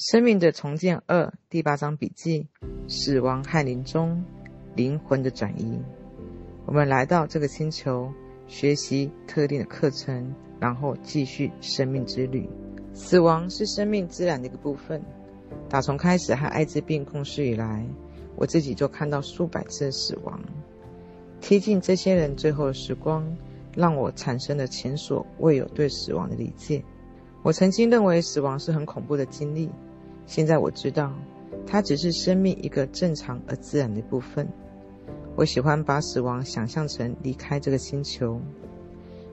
生命的重建二，第八章筆記：死亡和臨終，靈魂的轉移。我們來到這個星球，學習特定的課程，然後繼續生命之旅。死亡是生命自然的一個部分。打從開始和艾滋病共事以來，我自己就看到數百次的死亡，貼近這些人最後的時光，讓我產生了前所未有對死亡的理解。我曾經認為死亡是很恐怖的經歷。現在我知道，它只是生命一個正常而自然的部分。我喜歡把死亡想象成離開這個星球。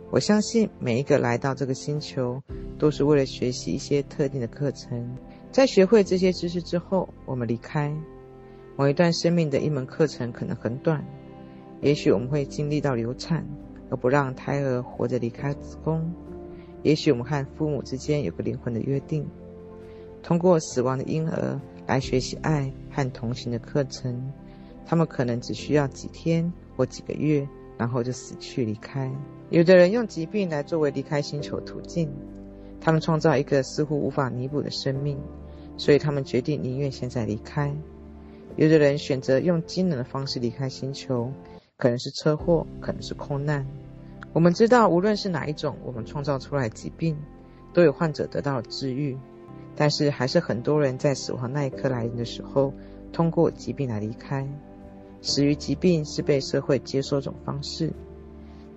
我相信每一個來到這個星球，都是為了學習一些特定的課程。在學會這些知識之後，我們離開。某一段生命的一門課程可能很短，也許我們會經歷到流產，而不讓胎兒活着離開子宮。也許我們和父母之間有個靈魂的約定。通過死亡的嬰兒來學習愛和同情的課程，他們可能只需要幾天或幾個月，然後就死去離開。有的人用疾病來作為離開星球途徑，他們創造一個似乎無法彌補的生命，所以他們決定寧願現在離開。有的人選擇用驚人的方式離開星球，可能是車禍，可能是空難。我們知道，無論是哪一種，我們創造出來的疾病，都有患者得到了治癒。但是，還是很多人在死亡那一刻來臨的時候，通過疾病來離開。死於疾病是被社會接受的一種方式。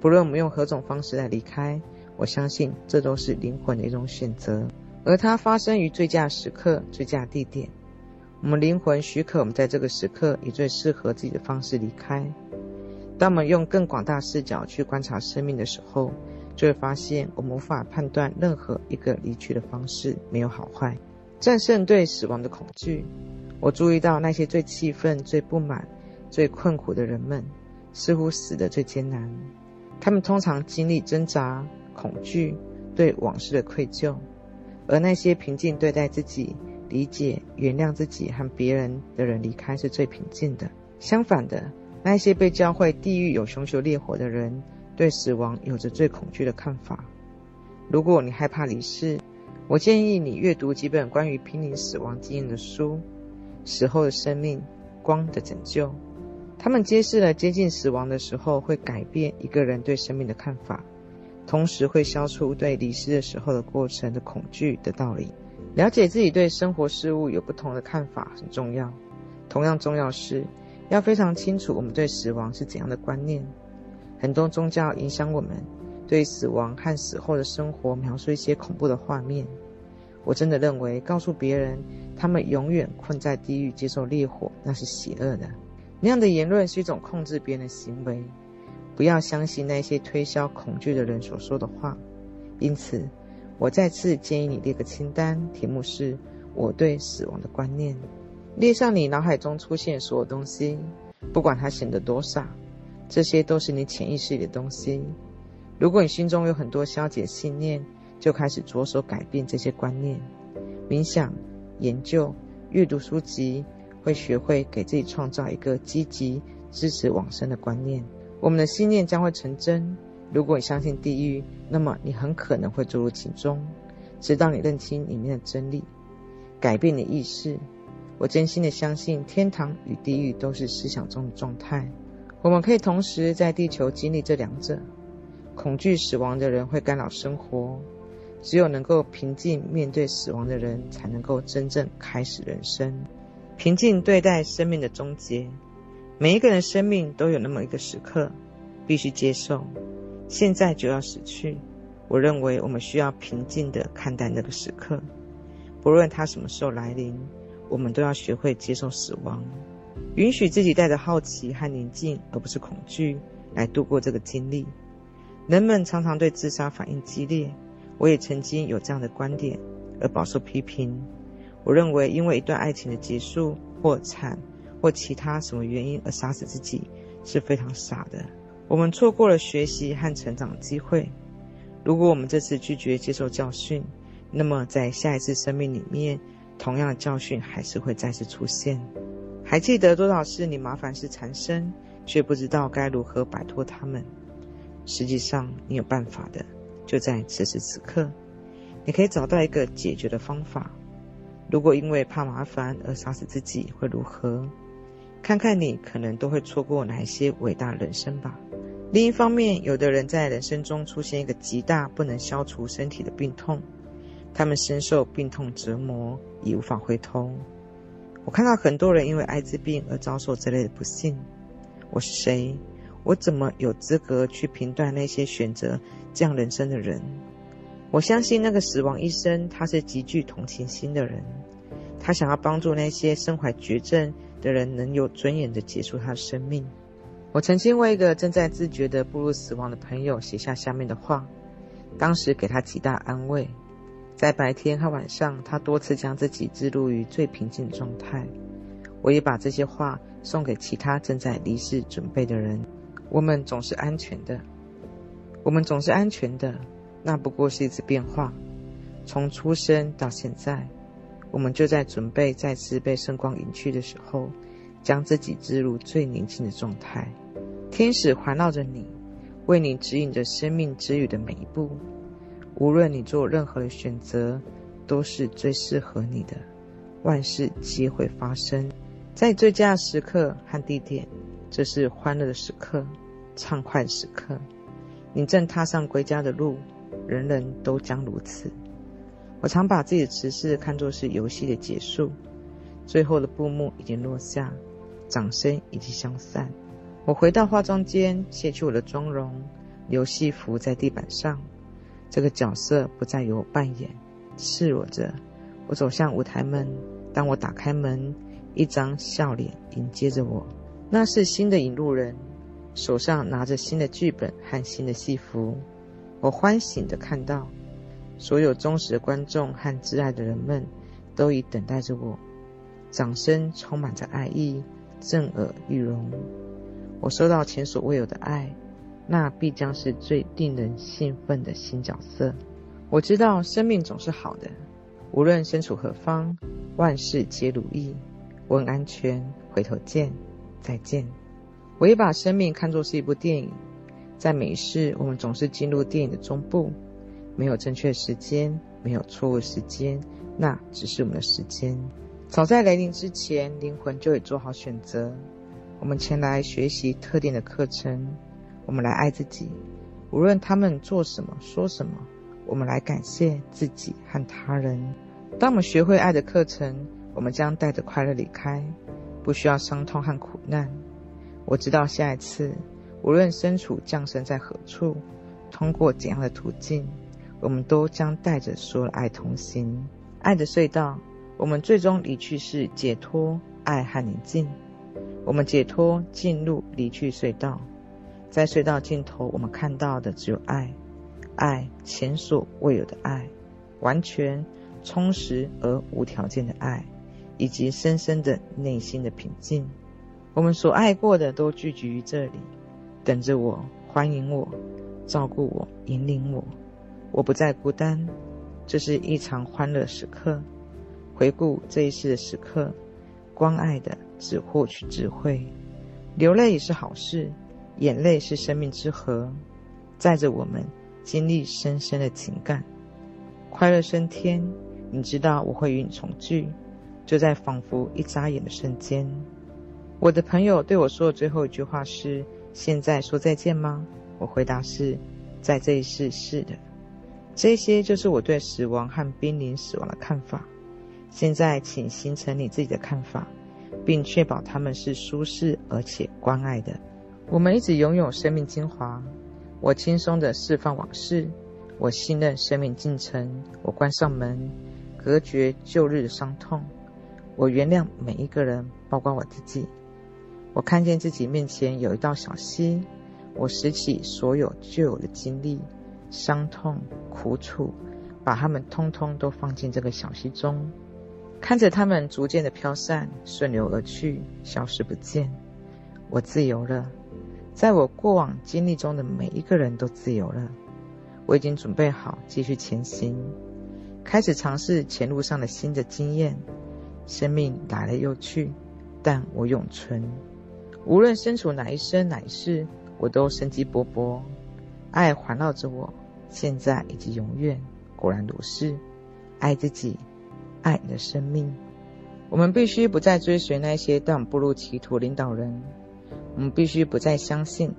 不論我們用何種方式來離開，我相信這都是靈魂的一種選擇。而它發生於最佳時刻、最佳地點。我們靈魂許可我們在這個時刻以最適合自己的方式離開。當我們用更廣大視角去觀察生命的時候，就會發現，我們無法判斷任何一個離去的方式沒有好壞。戰勝對死亡的恐懼。我注意到那些最氣憤、最不滿、最困苦的人們，似乎死得最艱難。他們通常經歷掙扎、恐懼、對往事的愧疚。而那些平靜對待自己、理解、原諒自己和別人的人，離開是最平靜的。相反的，那些被教會地獄有熊熊烈火的人，對死亡有着最恐懼的看法。如果你害怕離世，我建議你閱讀幾本關於瀕臨死亡經驗的書，《死後的生命》《光的拯救》。他們揭示了接近死亡的時候會改變一個人對生命的看法，同時會消除對離世的時候的過程的恐懼的道理。了解自己對生活事物有不同的看法很重要。同樣重要是，要非常清楚我們對死亡是怎樣的觀念。很多宗教影響我們對死亡和死後的生活描述一些恐怖的畫面。我真的認為告訴別人他們永遠困在地獄接受烈火，那是邪惡的。那樣的言論是一種控制別人的行為。不要相信那些推銷恐懼的人所說的話。因此，我再次建議你列個清單，題目是“我對死亡的觀念”，列上你腦海中出現的所有東西，不管它顯得多傻。這些都是你潛意識裡的東西。如果你心中有很多消極的信念，就開始着手改變這些觀念，冥想、研究、閱讀書籍，會學會給自己創造一個積極支持往生的觀念。我們的信念將會成真。如果你相信地獄，那麼你很可能會墜入其中，直到你認清裡面的真理，改變你的意識。我真心的相信，天堂與地獄都是思想中的狀態。我們可以同時在地球經歷這兩者。恐懼死亡的人會干擾生活。只有能夠平靜面對死亡的人，才能夠真正開始人生。平靜對待生命的終結。每一個人生命都有那麼一個時刻，必須接受。現在就要死去。我認為我們需要平靜地看待那個時刻，不論它什麼時候來臨，我們都要學會接受死亡。允許自己帶着好奇和寧靜，而不是恐懼，來度過這個經歷。人們常常對自殺反應激烈，我也曾經有這樣的觀點，而飽受批評。我認為，因為一段愛情的結束、破產或其他什麼原因而殺死自己，是非常傻的。我們錯過了學習和成長的機會。如果我們這次拒絕接受教訓，那麼在下一次生命裡面，同樣的教訓還是會再次出現。還記得多少次你麻煩事纏身，卻不知道該如何擺脫他們。實際上，你有辦法的，就在此時此刻，你可以找到一個解決的方法。如果因為怕麻煩而殺死自己，會如何？看看你可能都會錯過哪一些偉大人生吧。另一方面，有的人在人生中出現一個極大不能消除身體的病痛，他們深受病痛折磨，已無法回頭。我看到很多人因為艾滋病而遭受這類的不幸。我是誰？我怎麼有資格去評斷那些選擇這樣人生的人？我相信那個死亡醫生，他是極具同情心的人，他想要幫助那些身懷絕症的人能有尊嚴的結束他的生命。我曾經為一個正在自覺的步入死亡的朋友寫下下面的話，當時給他極大安慰。在白天和晚上，他多次將自己置入於最平靜的狀態。我也把這些話送給其他正在離世準備的人：我們總是安全的，我們總是安全的。那不過是一次變化，從出生到現在，我們就在準備再次被聖光引去的時候，將自己置入最寧靜的狀態。天使環繞着你，為你指引着生命之旅的每一步。無論你做任何的選擇，都是最適合你的。萬事皆會發生，在最佳的時刻和地點，這是歡樂的時刻，暢快的時刻。你正踏上歸家的路，人人都將如此。我常把自己的辭世看作是遊戲的結束，最後的布幕已經落下，掌聲已經消散。我回到化妝間，卸去我的妝容，遊戲服在地板上。這個角色不再由我扮演，赤裸着，我走向舞台門。當我打開門，一張笑臉迎接着我，那是新的引路人，手上拿着新的劇本和新的戲服。我歡喜地看到，所有忠實的觀眾和摯愛的人們，都已等待着我，掌聲充滿着愛意，震耳欲聾。我收到前所未有的愛。那必將是最令人興奮的新角色。我知道生命總是好的，無論身處何方，萬事皆如意。我很安全，回頭見，再見。我也把生命看作是一部電影，在每一世我們總是進入電影的中部。沒有正確時間，沒有錯誤時間，那只是我們的時間。早在來臨之前，靈魂就已做好選擇。我們前來學習特定的課程。我們來愛自己，無論他們做什麼、說什麼，我們來感謝自己和他人。當我們學會愛的課程，我們將帶着快樂離開，不需要傷痛和苦難。我知道下一次，無論身處降生在何處，通過怎樣的途徑，我們都將帶着所愛同行。愛的隧道，我們最終離去是解脫、愛和寧靜。我們解脫，進入離去隧道。在隧道盡頭，我們看到的只有愛，愛，前所未有的愛，完全充實而無條件的愛，以及深深的內心的平靜。我們所愛過的都聚集於這裡，等着我，歡迎我，照顧我，引領我。我不再孤單，這是一場歡樂時刻。回顧這一世的時刻，關愛的只獲取智慧，流淚也是好事。眼淚是生命之河，載着我們經歷深深的情感。快樂升天，你知道我會與你重聚，就在仿佛一眨眼的瞬間。我的朋友對我說的最後一句話是：“現在說再見嗎？”我回答是：“在這一世，是的。”這些就是我對死亡和瀕臨死亡的看法。現在，請形成你自己的看法，並確保他們是舒適而且關愛的。我們一直擁有生命精華。我輕鬆的釋放往事，我信任生命進程。我關上門，隔絕舊日的傷痛。我原諒每一個人，包括我自己。我看見自己面前有一道小溪，我拾起所有舊有的經歷、傷痛、苦楚，把它們通通都放進這個小溪中，看着它們逐漸的飄散，順流而去，消失不見。我自由了。在我過往經歷中的每一個人都自由了，我已經準備好繼續前行，開始嘗試前路上的新的經驗。生命來了又去，但我永存。無論身處哪一生哪一世，我都生機勃勃，愛環繞着我，現在以及永遠。果然如是，愛自己，愛你的生命。我們必須不再追隨那些讓步入歧途領導人。我們必須不再相信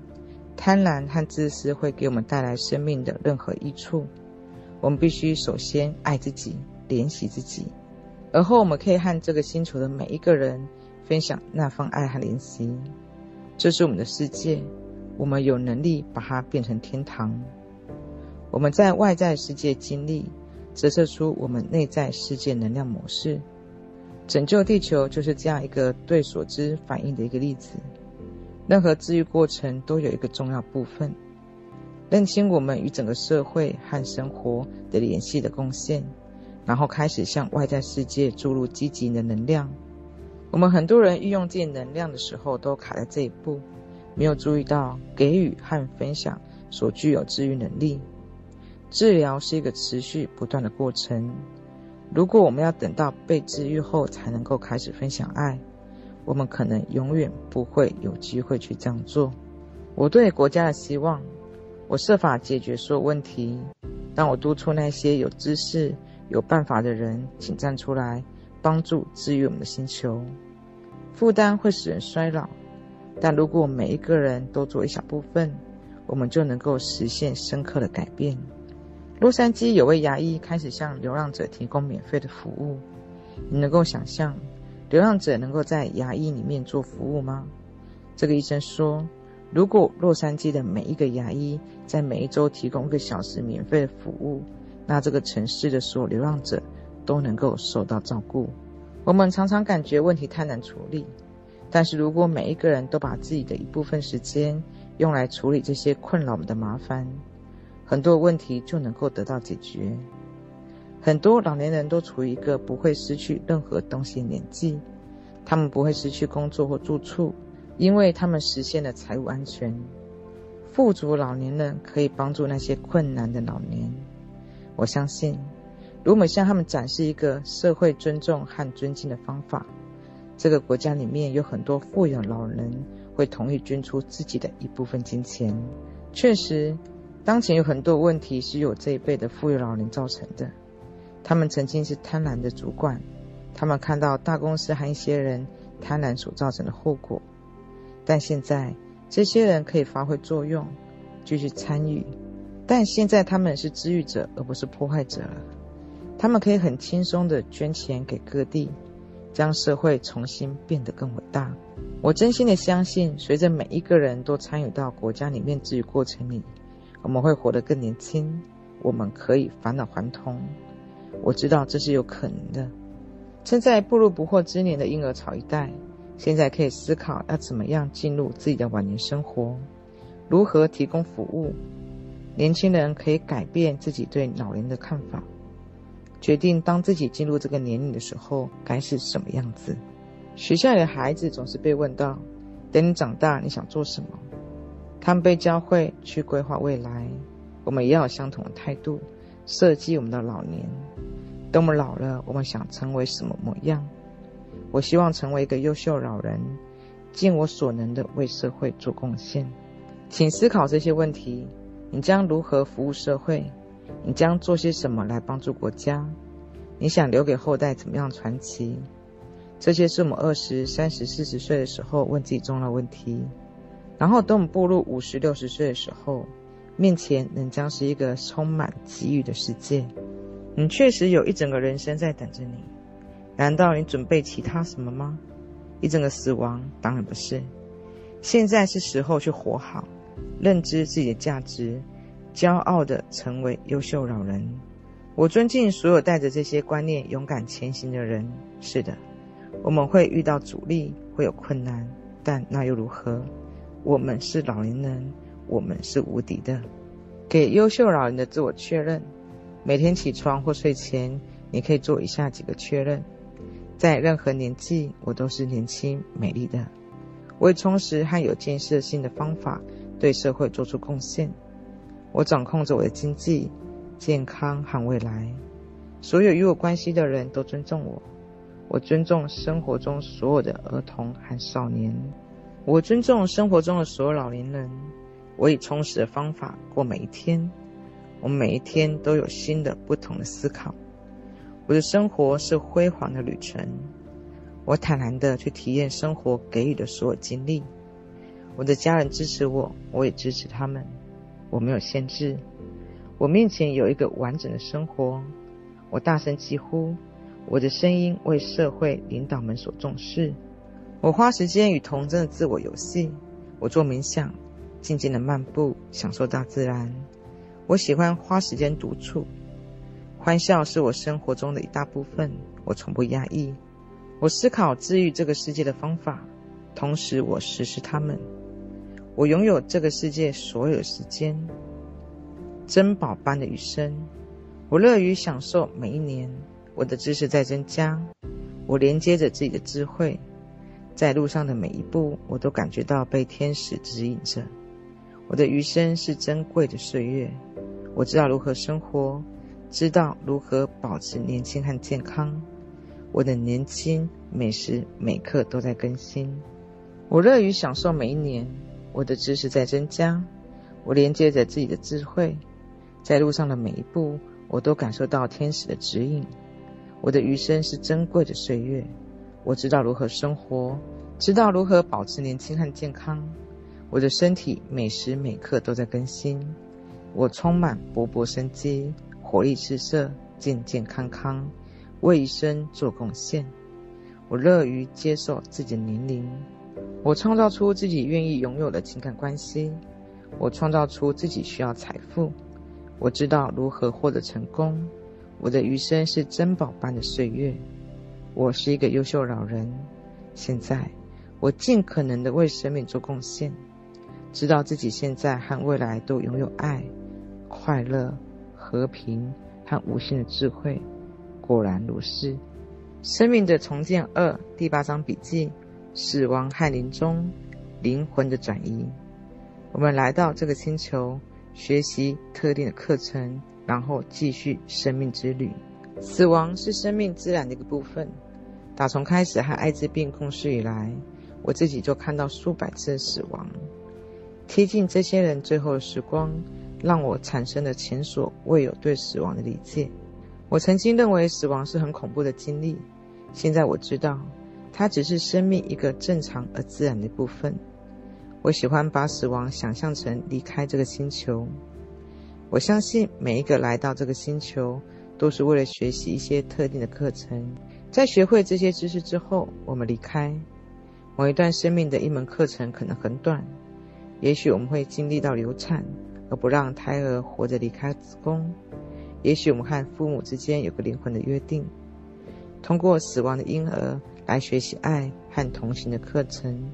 貪婪和自私會給我們帶來生命的任何益處。我們必須首先愛自己、憐惜自己，而後我們可以和這個星球的每一個人分享那份愛和憐惜。這是我們的世界，我們有能力把它變成天堂。我們在外在世界經歷，折射出我們內在世界能量模式。拯救地球就是這樣一個對所知反應的一個例子。任何治癒過程都有一個重要部分，認清我們與整個社會和生活的聯繫的貢獻，然後開始向外在世界注入積極的能量。我們很多人運用自己能量的時候都卡在這一步，沒有注意到給予和分享所具有治癒能力。治療是一個持續不斷的過程，如果我們要等到被治癒後才能夠開始分享愛。我們可能永遠不會有機會去這樣做。我對國家的希望，我設法解決所有問題。但我督促那些有知識、有辦法的人，請站出來幫助治癒我們的星球。負擔會使人衰老，但如果每一個人都做一小部分，我們就能夠實現深刻的改變。洛杉磯有位牙醫開始向流浪者提供免費的服務。你能夠想象。流浪者能夠在牙醫裡面做服務嗎？這個醫生說，如果洛杉磯的每一個牙醫在每一週提供一個小時免費的服務，那這個城市的所有流浪者都能夠受到照顧。我們常常感覺問題太難處理，但是如果每一個人都把自己的一部分時間用來處理這些困擾我們的麻煩，很多問題就能夠得到解決。很多老年人都處於一個不會失去任何東西的年紀，他們不會失去工作或住處，因為他們實現了財務安全。富足老年人可以幫助那些困難的老年。我相信，如果向他們展示一個社會尊重和尊敬的方法，這個國家裡面有很多富有老人會同意捐出自己的一部分金錢。確實，當前有很多問題是由這一輩的富有老人造成的。他們曾經是貪婪的主管，他們看到大公司和一些人貪婪所造成的後果，但現在這些人可以發揮作用，繼續參與，但現在他們是治癒者而不是破壞者了。他們可以很輕鬆地捐錢給各地，將社會重新變得更偉大。我真心的相信，隨着每一個人都參與到國家裡面治癒過程裡，我們會活得更年輕，我們可以返老還童。我知道這是有可能的。正在步入不惑之年的嬰兒潮一代，現在可以思考要怎麼樣進入自己的晚年生活，如何提供服務。年輕人可以改變自己對老人的看法，決定當自己進入這個年齡的時候該是什麼樣子。學校裡的孩子總是被問到：“等你長大，你想做什麼？”他們被教會去規劃未來。我們也要有相同的態度。設計我們的老年，等我們老了，我們想成為什麼模樣？我希望成為一個優秀老人，盡我所能的為社會做貢獻。請思考這些問題：你將如何服務社會？你將做些什麼來幫助國家？你想留給後代怎麼樣傳奇？這些是我們二十、三十、四十歲的時候問自己重要問題。然後等我們步入五十、六十歲的時候。面前仍將是一個充滿機遇的世界，你確實有一整個人生在等着你。難道你準備其他什麼嗎？一整個死亡當然不是。現在是時候去活好，認知自己的價值，驕傲地成為優秀老人。我尊敬所有帶着這些觀念勇敢前行的人。是的，我們會遇到阻力，會有困難，但那又如何？我們是老年人。我們是無敵的。給優秀老人的自我確認：每天起床或睡前，你可以做以下幾個確認。在任何年紀，我都是年輕美麗的。我以充實和有建設性的方法對社會做出貢獻。我掌控着我的經濟、健康和未來。所有與我關係的人都尊重我。我尊重生活中所有的兒童和少年。我尊重生活中的所有老年人。我以充實的方法過每一天，我每一天都有新的、不同的思考。我的生活是輝煌的旅程。我坦然的去體驗生活給予的所有經歷。我的家人支持我，我也支持他們。我沒有限制。我面前有一個完整的生活。我大聲疾呼，我的聲音為社會領導們所重視。我花時間與童真的自我遊戲。我做冥想。靜靜的漫步，享受大自然。我喜歡花時間獨處。歡笑是我生活中的一大部分，我從不壓抑。我思考治癒這個世界的方法，同時我實施它們。我擁有這個世界所有時間，珍寶般的餘生。我樂於享受每一年。我的知識在增加。我連接着自己的智慧。在路上的每一步，我都感覺到被天使指引着。我的餘生是珍貴的歲月，我知道如何生活，知道如何保持年輕和健康。我的年輕每時每刻都在更新，我樂於享受每一年。我的知識在增加，我連接着自己的智慧，在路上的每一步，我都感受到天使的指引。我的餘生是珍貴的歲月，我知道如何生活，知道如何保持年輕和健康。我的身體每時每刻都在更新，我充滿勃勃生機，活力四射，健健康康，為一生做貢獻。我樂於接受自己的年齡，我創造出自己願意擁有的情感關係，我創造出自己需要財富，我知道如何獲得成功。我的餘生是珍寶般的歲月，我是一個優秀老人。現在，我盡可能的為生命做貢獻。知道自己現在和未來都擁有愛、快樂、和平和無限的智慧。果然如是，《生命的重建二》第八章筆記：死亡和臨終：靈魂的轉移。我們來到這個星球，學習特定的課程，然後繼續生命之旅。死亡是生命自然的一個部分。打從開始和艾滋病共事以來，我自己就看到數百次的死亡。貼近這些人最後的時光，讓我產生了前所未有對死亡的理解。我曾經認為死亡是很恐怖的經歷，現在我知道，它只是生命一個正常而自然的部分。我喜歡把死亡想象成離開這個星球。我相信每一個來到這個星球，都是為了學習一些特定的課程。在學會這些知識之後，我們離開。某一段生命的一門課程可能很短。也許我們會經歷到流產，而不讓胎兒活着離開子宮。也許我們和父母之間有個靈魂的約定，通過死亡的嬰兒來學習愛和同行的課程。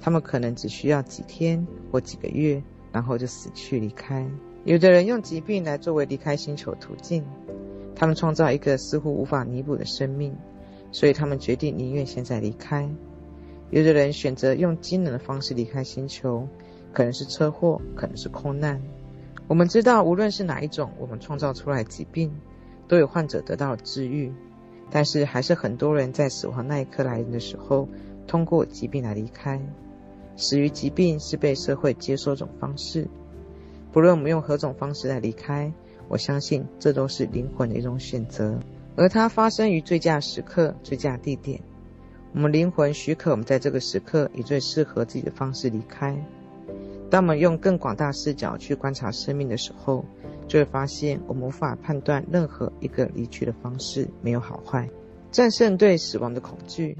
他們可能只需要幾天或幾個月，然後就死去離開。有的人用疾病來作為離開星球途徑，他們創造一個似乎無法彌補的生命，所以他們決定寧願現在離開。有的人選擇用驚人的方式離開星球。可能是車禍，可能是空難。我們知道，無論是哪一種，我們創造出來的疾病，都有患者，得到了治癒。但是，還是很多人在死亡那一刻來臨的時候，通過疾病來離開。死於疾病是被社會接受一種方式。不論我們用何種方式來離開，我相信這都是靈魂的一種選擇。而它發生於最佳時刻、最佳地點，我們靈魂許可我們在這個時刻以最適合自己的方式離開。當我們用更廣大視角去觀察生命的時候，就會發現，我們無法判斷任何一個離去的方式沒有好壞。戰勝對死亡的恐懼，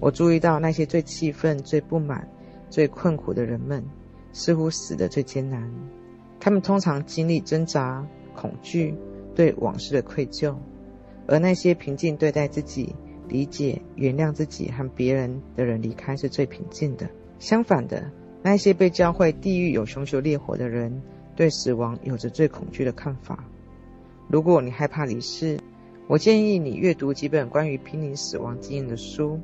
我注意到那些最氣憤、最不滿、最困苦的人們，似乎死得最艱難。他們通常經歷掙扎、恐懼、對往事的愧疚，而那些平靜對待自己、理解、原諒自己和別人的人，離開是最平靜的。相反的。那些被教會地獄有熊熊烈火的人，對死亡有着最恐懼的看法。如果你害怕離世，我建議你閱讀幾本關於瀕臨死亡經驗的書，《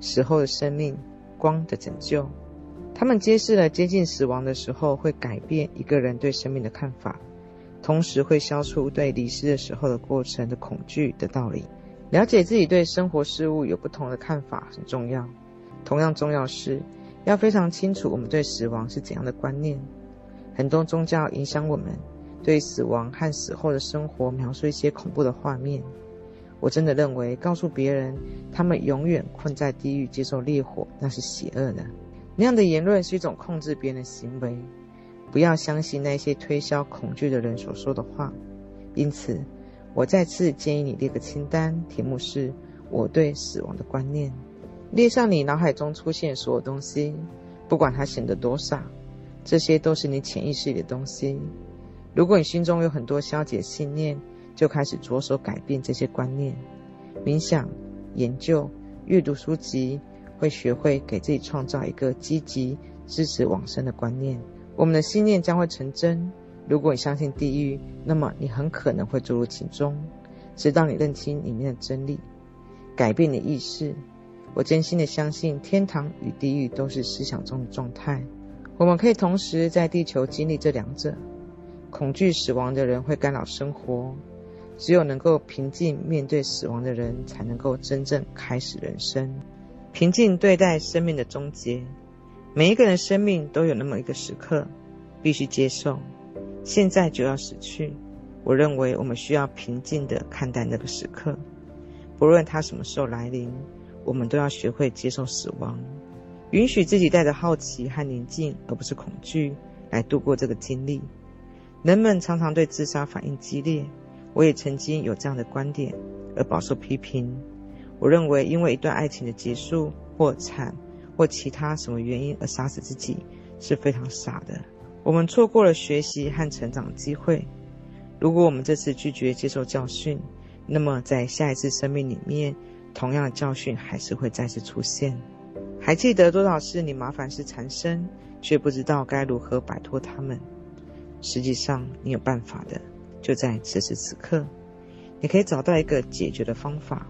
死後的生命》、《光的拯救》。他們揭示了接近死亡的時候會改變一個人對生命的看法，同時會消除對離世的時候的過程的恐懼的道理。了解自己對生活事物有不同的看法很重要。同樣重要是。要非常清楚我們對死亡是怎樣的觀念。很多宗教影響我們對死亡和死後的生活描述一些恐怖的畫面。我真的認為告訴別人他們永遠困在地獄接受烈火，那是邪惡的。那樣的言論是一種控制別人的行為。不要相信那些推銷恐懼的人所說的話。因此，我再次建議你列個清單，題目是“我對死亡的觀念”。列上你腦海中出現的所有東西，不管它顯得多傻，這些都是你潛意識裡的東西。如果你心中有很多消極的信念，就開始着手改變這些觀念。冥想、研究、閱讀書籍，會學會給自己創造一個積極支持往生的觀念。我們的信念將會成真。如果你相信地獄，那麼你很可能會墮入其中，直到你認清裡面的真理，改變你的意識。我真心的相信，天堂與地獄都是思想中的狀態。我們可以同時在地球經歷這兩者。恐懼死亡的人會干擾生活。只有能夠平靜面對死亡的人，才能夠真正開始人生。平靜對待生命的終結。每一個人生命都有那麼一個時刻，必須接受。現在就要死去。我認為我們需要平靜的看待那個時刻，不論它什麼時候來臨。我們都要學會接受死亡，允許自己帶着好奇和寧靜，而不是恐懼，來度過這個經歷。人們常常對自殺反應激烈，我也曾經有這樣的觀點，而飽受批評。我認為，因為一段愛情的結束，破產，或其他什麼原因而殺死自己，是非常傻的。我們錯過了學習和成長的機會。如果我們這次拒絕接受教訓，那麼在下一次生命裡面。同樣的教訓還是會再次出現，還記得多少次你麻煩事纏身，卻不知道該如何擺脫他們？實際上，你有辦法的，就在此時此刻，你可以找到一個解決的方法。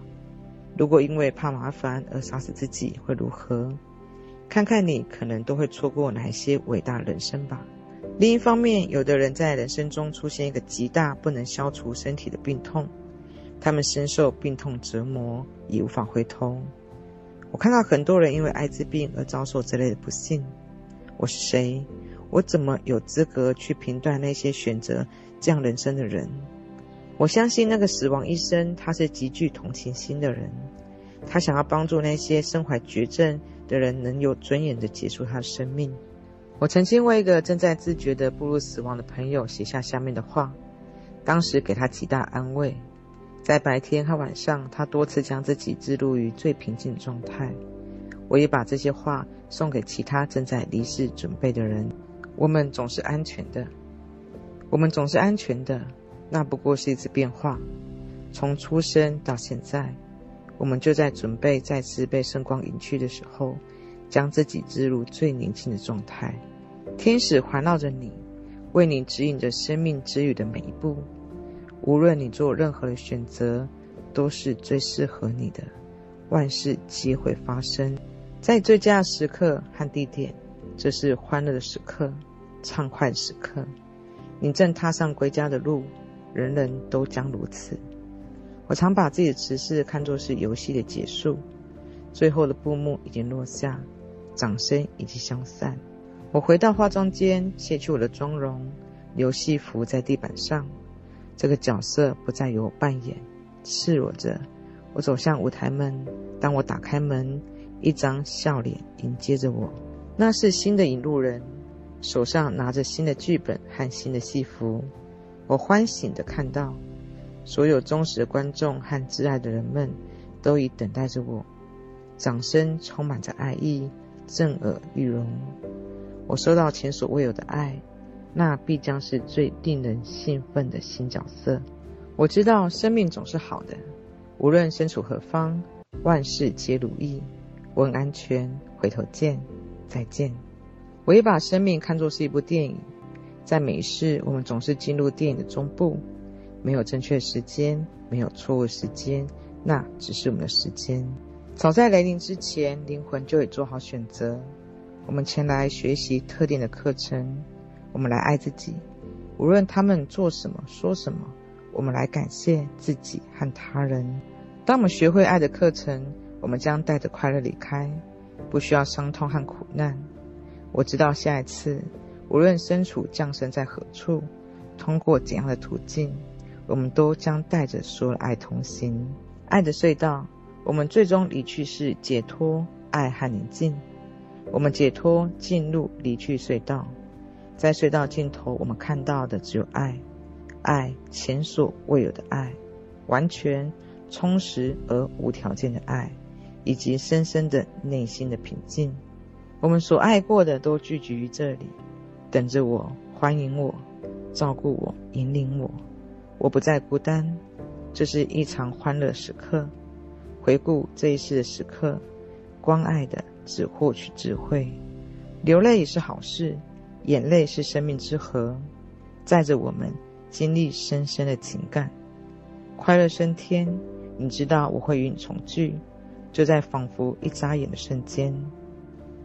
如果因為怕麻煩而殺死自己會如何？看看你可能都會錯過哪一些偉大的人生吧。另一方面，有的人在人生中出現一個極大不能消除身體的病痛。他們深受病痛折磨，已無法回頭。我看到很多人因為艾滋病而遭受這類的不幸。我是誰？我怎麼有資格去評斷那些選擇這樣人生的人？我相信那個死亡醫生，他是極具同情心的人，他想要幫助那些身懷絕症的人能有尊嚴的結束他的生命。我曾經為一個正在自覺的步入死亡的朋友寫下下面的話，當時給他極大安慰。在白天和晚上，他多次將自己置入於最平靜的狀態。我也把這些話送給其他正在離世準備的人。我們總是安全的，我們總是安全的。那不過是一次變化，從出生到現在，我們就在準備再次被聖光引去的時候，將自己置入最寧靜的狀態。天使環繞着你，為你指引着生命之旅的每一步。無論你做任何的選擇，都是最適合你的。萬事皆會發生，在最佳的時刻和地點。這是歡樂的時刻，暢快的時刻。你正踏上歸家的路，人人都將如此。我常把自己的辭世看作是遊戲的結束，最後的布幕已經落下，掌聲已經消散。我回到化妝間，卸去我的妝容，遊戲服在地板上。這個角色不再由我扮演，赤裸着，我走向舞台門。當我打開門，一張笑臉迎接着我，那是新的引路人，手上拿着新的劇本和新的戲服。我歡喜地看到，所有忠實的觀眾和摯愛的人們，都已等待着我，掌聲充滿着愛意，震耳欲聾。我收到前所未有的愛。那必將是最令人興奮的新角色。我知道生命總是好的，無論身處何方，萬事皆如意。我安全，回頭見，再見。我也把生命看作是一部電影，在每一世，我們總是進入電影的中部。沒有正確時間，沒有錯誤時間，那只是我們的時間。早在來臨之前，靈魂就已做好選擇。我們前來學習特定的課程。我們來愛自己，無論他們做什麼、說什麼，我們來感謝自己和他人。當我們學會愛的課程，我們將帶着快樂離開，不需要傷痛和苦難。我知道下一次，無論身處降生在何處，通過怎樣的途徑，我們都將帶着所愛同行。愛的隧道，我們最終離去是解脫、愛和寧靜。我們解脫，進入離去隧道。在隧道盡頭，我們看到的只有愛，愛，前所未有的愛，完全充實而無條件的愛，以及深深的內心的平靜。我們所愛過的都聚集於這裡，等着我，歡迎我，照顧我，引領我。我不再孤單，這是一場歡樂時刻。回顧這一世的時刻，關愛的只獲取智慧，流淚也是好事。眼淚是生命之河，載着我們經歷深深的情感。快樂升天，你知道我會與你重聚，就在仿佛一眨眼的瞬間。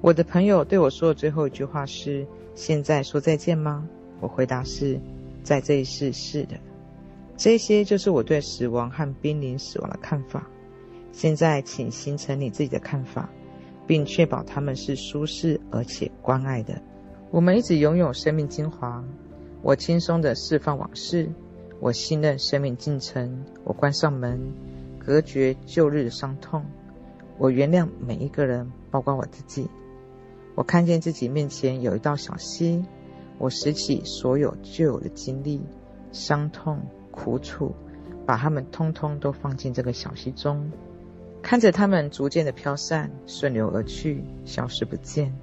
我的朋友對我說的最後一句話是：“現在說再見嗎？”我回答是：“在這一世，是的。”這些就是我對死亡和瀕臨死亡的看法。現在，請形成你自己的看法，並確保他們是舒適而且關愛的。我們一直擁有生命精華。我輕鬆地釋放往事，我信任生命進程。我關上門，隔絕舊日的傷痛。我原諒每一個人，包括我自己。我看見自己面前有一道小溪，我拾起所有舊有的經歷、傷痛、苦楚，把它們通通都放進這個小溪中，看着它們逐漸的飄散，順流而去，消失不見。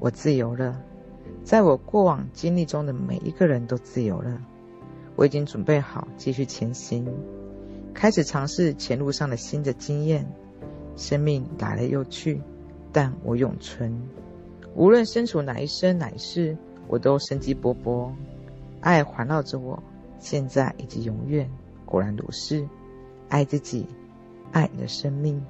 我自由了。在我過往經歷中的每一個人都自由了，我已經準備好繼續前行，開始嘗試前路上的新的經驗。生命來了又去，但我永存。無論身處哪一生哪一世，我都生機勃勃，愛環繞着我，現在以及永遠。果然如是，愛自己，愛你的生命。